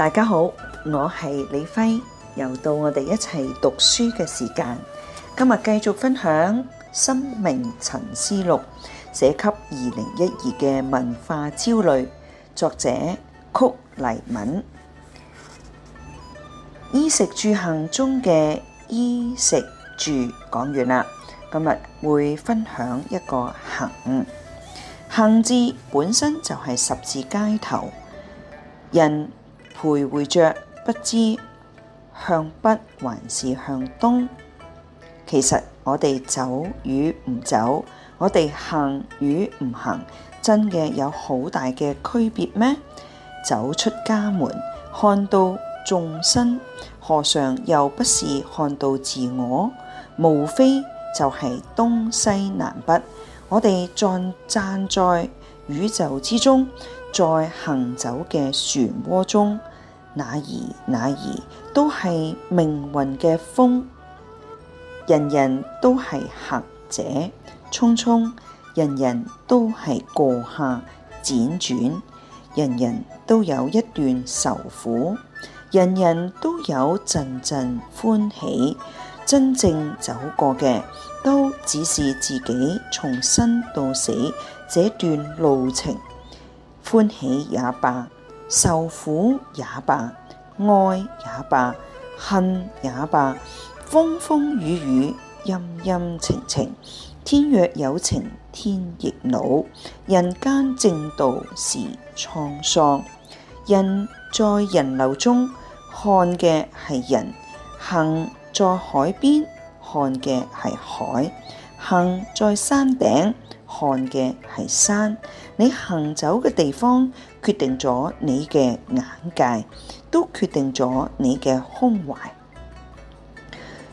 大家好，我係李輝，又到我哋一齊讀書嘅時間。今日繼續分享《生命沉思錄》，寫給二零一二嘅文化焦慮。作者曲黎敏。衣食住行中嘅衣食住講完啦，今日會分享一個行。行字本身就係十字街頭人，徘徊着不知向北還是向東，其實我哋走與唔走，我哋行與唔行，真嘅有好大嘅區別咩？走出家門，看到眾生，何嘗又不是看到自我，無非就係東西南北。我哋站站在宇宙之中，在行走嘅漩渦中。哪兒哪兒都係命運嘅風，人人都係行者，匆匆；人人都係過客，輾轉；人人都有一段愁苦，人人都有陣陣歡喜。真正走過嘅，都只是自己從生到死這段路程，歡喜也罷。受苦也罷，愛也罷，恨也罷，風風雨雨，陰陰晴晴，天若有情天亦老，人間正道是滄桑。人在人流中看嘅係人，行在海邊看嘅係海，行在山頂，看嘅係山，你行走嘅地方決定咗你嘅眼界，都決定咗你嘅胸懷。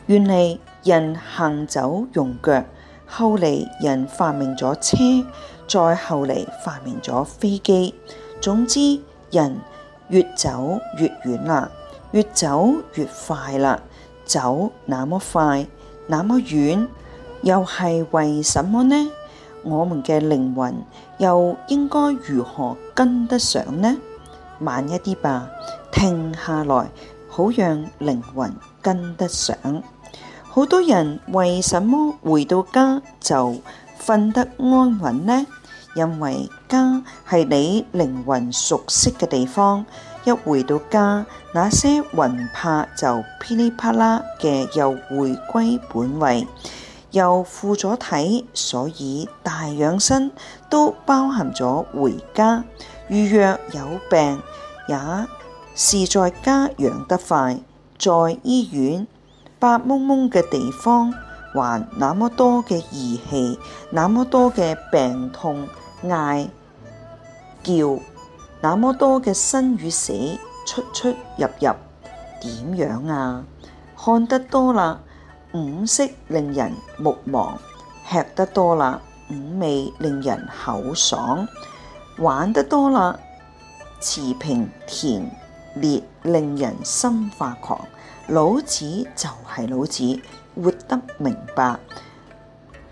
原嚟人行走用腳，後嚟人發明咗車，再後嚟發明咗飛機。總之，人越走越遠啦，越走越快啦，走那麼快，那麼遠，又係為什麼呢？我們嘅靈魂又應該如何跟得上呢？慢一啲吧，停下來，好讓靈魂跟得上。好多人為什麼回到家就瞓得安穩呢？因為家係你靈魂熟悉嘅地方，一回到家，那些魂魄就噼里啪啦嘅又回歸本位。又富咗體，所以大養生都包含咗回家預約。有病也是在家養得快，在醫院白蒙蒙嘅地方，還那麼多嘅儀器，那麼多嘅病痛嗌叫，那麼多嘅生與死出出入入，點樣啊？看得多啦～五色令人目盲，吃得多啦；五味令人口爽，玩得多啦；馳騁畋獵令人心發狂。老子就係老子，活得明白。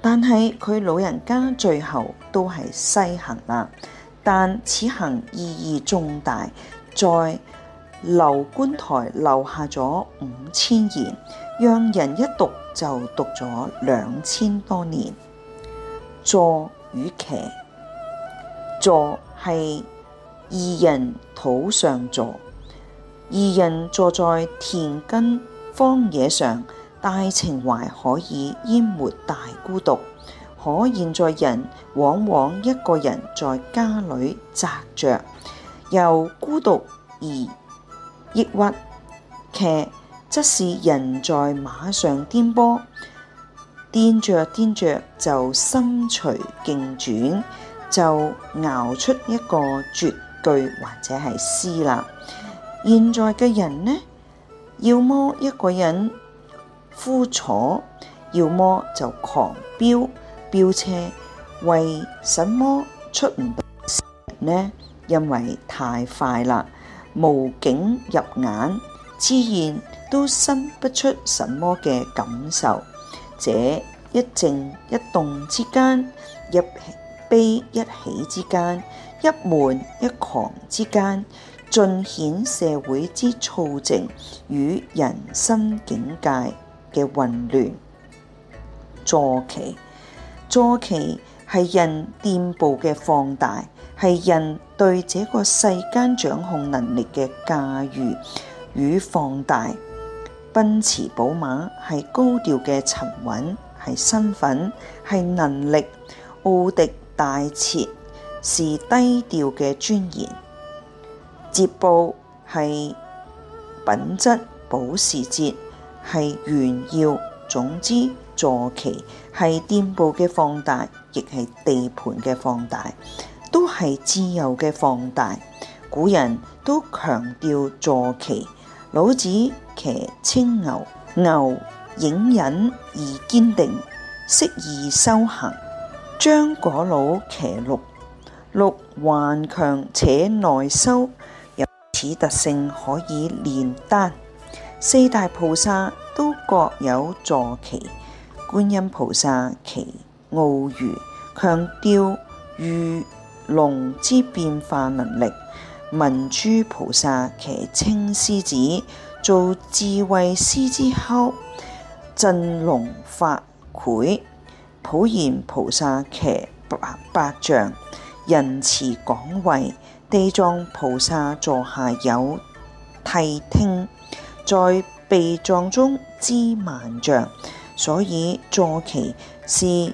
但係佢老人家最後都係西行啦，但此行意義重大，再。樓觀台留下咗五千言，讓人一讀就讀咗兩千多年。坐與騎，坐係二人土上坐，二人坐在田根荒野上，大情懷可以淹沒大孤獨。可現在人往往一個人在家裏宅着，由孤獨而。抑鬱劇則是人在馬上顛簸，顛着顛着就心隨境轉，就熬出一個絕句或者係詩啦。現在嘅人呢，要麼一個人枯坐，要麼就狂飆飆車，為什麼出唔到詩呢？因為太快啦。無境入眼，自然都生不出什麼嘅感受。這一靜一動之間，一悲一喜之間，一悶一狂之間，盡顯社會之躁靜與人生境界嘅混亂。坐騎，坐騎。係人店舖嘅放大，係人對這個世間掌控能力嘅駕馭與放大。奔馳、寶馬係高調嘅沉穩，係身份，係能力；奧迪大切、大捷是低調嘅尊嚴。捷報係品質，保時捷係炫耀，總之座騎係店舖嘅放大。亦係地盤嘅放大，都係自由嘅放大。古人都強調坐騎，老子騎青牛，牛隱忍而堅定，適宜修行。張果老騎鹿，鹿頑強且內修，有此特性可以煉丹。四大菩薩都各有坐騎，觀音菩薩騎。傲如，強調御龍之變化能力，文殊菩薩騎青獅子，做智慧獅子吼，震聾發聵。普賢菩薩騎白象，仁慈廣惠。地藏菩薩座下有諦聽，在地藏中知萬象，所以坐騎是。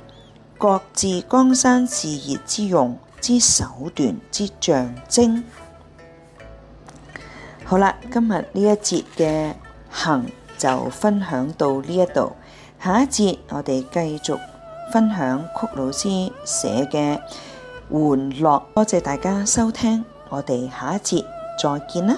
各自江山事業之用之手段之象徵。好啦，今日呢一節嘅行就分享到呢一度，下一節我哋繼續分享曲老師寫嘅《玩樂》。多謝大家收聽，我哋下一節再見啦。